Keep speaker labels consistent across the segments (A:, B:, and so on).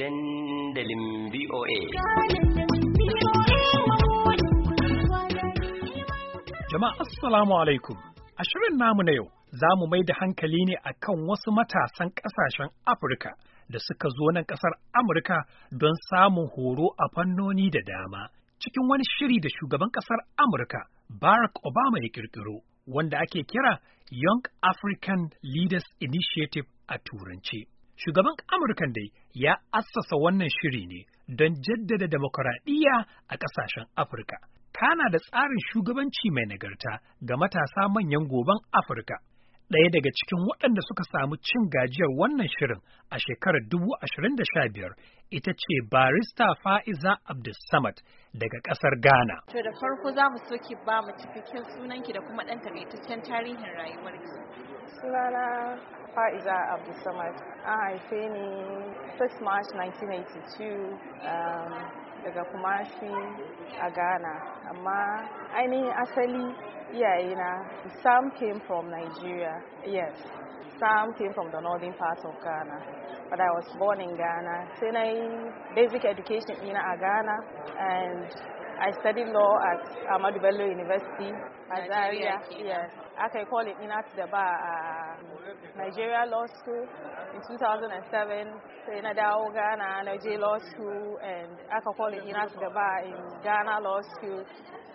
A: dandalin VOA. Jama'a Assalamu alaikum. A shirin namu na yau za mu mai da hankali ne a kan wasu matasan ƙasashen Afirka da suka zo nan ƙasar Amurka don samun horo a fannoni da dama. Cikin wani shiri da shugaban ƙasar Amurka Barack Obama ya ƙirƙiro, wanda ake kira Young African Leaders Initiative a Turanci. Shugaban Amurkan dai ya assasa wannan shiri ne don jaddada demokuraɗiyya a ƙasashen Afirka. Kana da tsarin shugabanci mai nagarta ga matasa manyan goben Afirka. ɗaya daga cikin waɗanda suka samu cin gajiyar wannan shirin a shekarar dubu biyar ita ce barista fa'iza abdulsamad daga ƙasar ghana to da farko za mu so ki ba mu cikakken sunanki da kuma ɗan takaitaccen tarihin rayuwarki sunana fa'iza abdulsamad an haife ni 6 march 1982 um, daga kumashi a ghana amma ainihin asali Yeah, you know, some came from Nigeria, yes. Some came from the northern part of Ghana. But I was born in Ghana. Then I basic education in uh, Ghana and I studied law at Ahmadu Bello University, Nigeria. Yes. aka yi calling ina da ba a Nigeria Law School in 2007 sai na dawo Ghana na Law School and aka calling ina da ba in Ghana Law School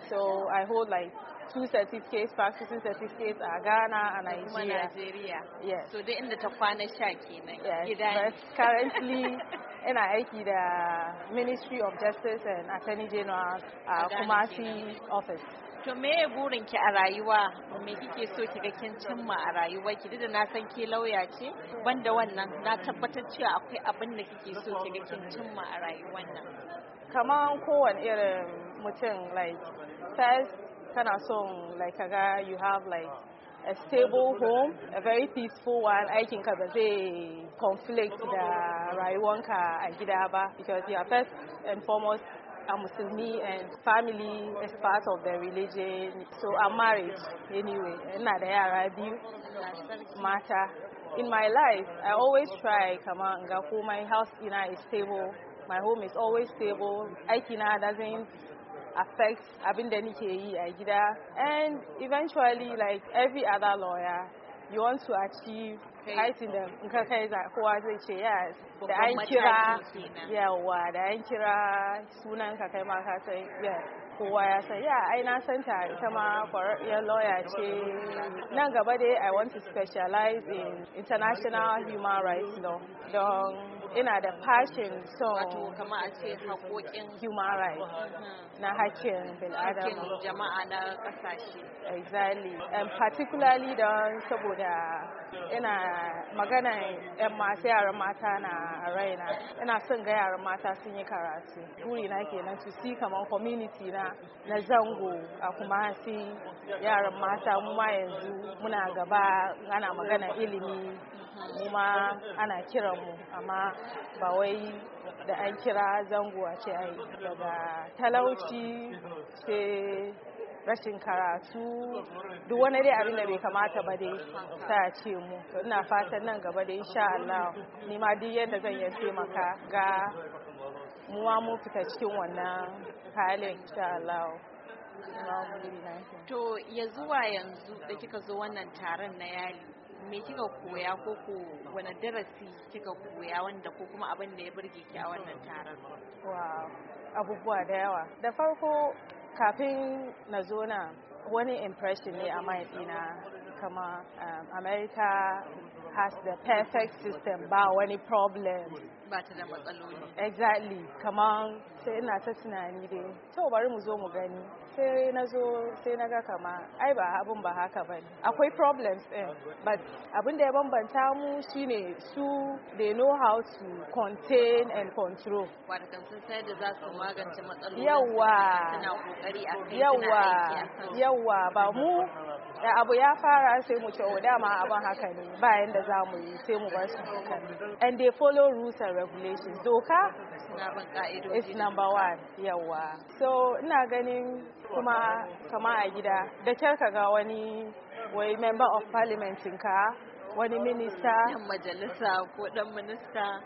A: so I hold like two certificates, practicing certificates a Ghana a Nigeria. Nigeria. Yes. So dai inda ta kwana sha kenan. Yes. But currently ina aiki da Ministry of Justice and Attorney General a uh, Kumasi office. To me ya burin ki a rayuwa? Me kike so ki ga kin cimma a rayuwa? Ki da na san ke lauya ce, banda wannan na tabbatar cewa akwai abin da kike so ki ga kin cimma a rayuwar nan. Kaman kowane irin mutum like first kana son like kaga you have like a stable home, a very peaceful one. Aikin ka ba zai conflict da rayuwanka a gida ba because you are first and foremost I'm Muslimi and family is part of the religion. So I'm married anyway. Ina da yara biyu mata. In my life, I always try kama ga ko my house ina is stable. My home is always stable. Aikina doesn't affect abin da nike yi a gida. And eventually, like every other lawyer, you want to achieve aikin da in ka kai kowa zai ce ya da an kira yawa da an kira sunan ka kai ma ka san kowa ya san ya ai na san ta ita ma kwararriyar lawyer ce nan gaba dai i want to specialize in international human rights law don ina da passion so wato kama a ce haƙoƙin human rights hmm. na hakkin bil'adama jama'a na ƙasashe exactly and particularly don saboda ina magana yan masu yaran mata na raina ina son ga yaran mata sun yi karatu buri na kenan su si kamar community na na zango a kuma si yaran mata mu yanzu muna gaba ana magana ilimi mu ana kiran mu amma ba wai da an kira zango a ce ai daga talauci sai rashin karatu duk wani dai abin da bai kamata ba dai ta ce mu ina fatan nan gaba da insha Allah ni ma duk yadda zan iya taimaka ga mu ma mu fita cikin wannan halin insha Allah to ya zuwa yanzu da kika zo wannan taron na yali me kika koya ko ko wani darasi kika koya wanda ko kuma abin da ya burge ki a wannan taron wow abubuwa da yawa da farko kafin na zo na wani impression ne a mahaifina kama um, america has the perfect system ba wani problem ba ta da matsaloli exactly kamar sai ina ta tunani dai to bari mu zo mu gani sai na zo sai na ga kama ai ba abin ba haka ba ne akwai problems din but abin da ya bambanta mu shine su they know how to contain and control wadda sun sai da za su magance matsaloli yawa yawa yawa ba mu da abu ya fara sai mu ce o oh, dama abin haka ne bayan da za mu yi sai mu bar su haka ne and they follow rules and regulations doka is number one yawa so ina ganin kuma kama a gida da kyar ka ga wani wai member of parliament ka wani minista majalisa ko dan minista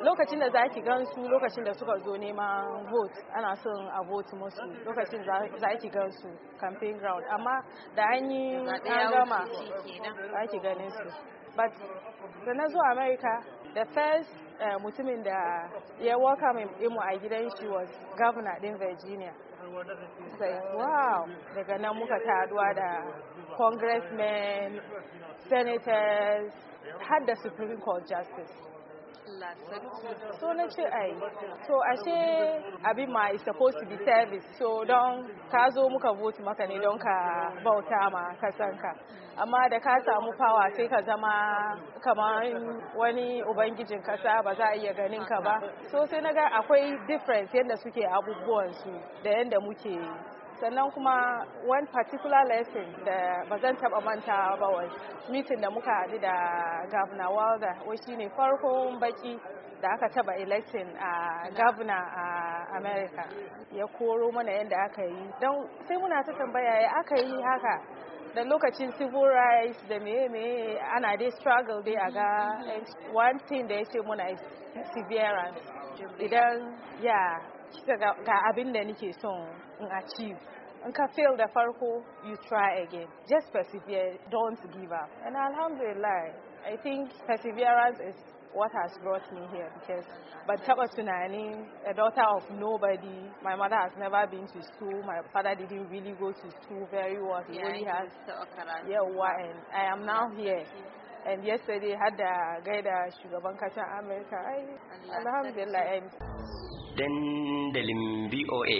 A: lokacin da za ki gan su lokacin da suka zo neman vote ana son a vote musu lokacin za ki gan su campaign ground amma da an yi gama za ki ganin su but da na zo america the first eh, mutumin da ya welcome imu a gidan shi was governor din virginia sai wow daga nan muka taduwa da congressmen senators had the supreme court justice so na ce ai so ashe abin ma is supposed to be service so don ka zo muka vote maka ne don ka bauta ma kasanka amma da ka samu fawa sai ka zama kamar wani ubangijin kasa ba za a iya ganin ka ba so sai na ga akwai difference yadda suke abubuwan su da yadda muke sannan kuma one particular lesson da ba zan taba manta ba wai meeting da muka haɗu da governor walda wai ne farkon baki da aka taba electing a governor a america ya koro mana yadda aka yi don sai muna ta tambaya ya aka yi haka da lokacin civil rights da meye-meye ana dai struggle dai a ga mm-hmm. one thing da ya ce muna is severance idan ya kika ga abin da nike son in achieve in ka fail da farko you try again just persevere don't give up and alhamdulillah i think perseverance is what has brought me here because but taba tunani a daughter of nobody my mother has never been to school my father didn't really go to school very well he yeah, only has yeah, and i am now here and yesterday had da gaida shugaban kasar Amurka. Ai, alhamdulillah. Dandalin VOA.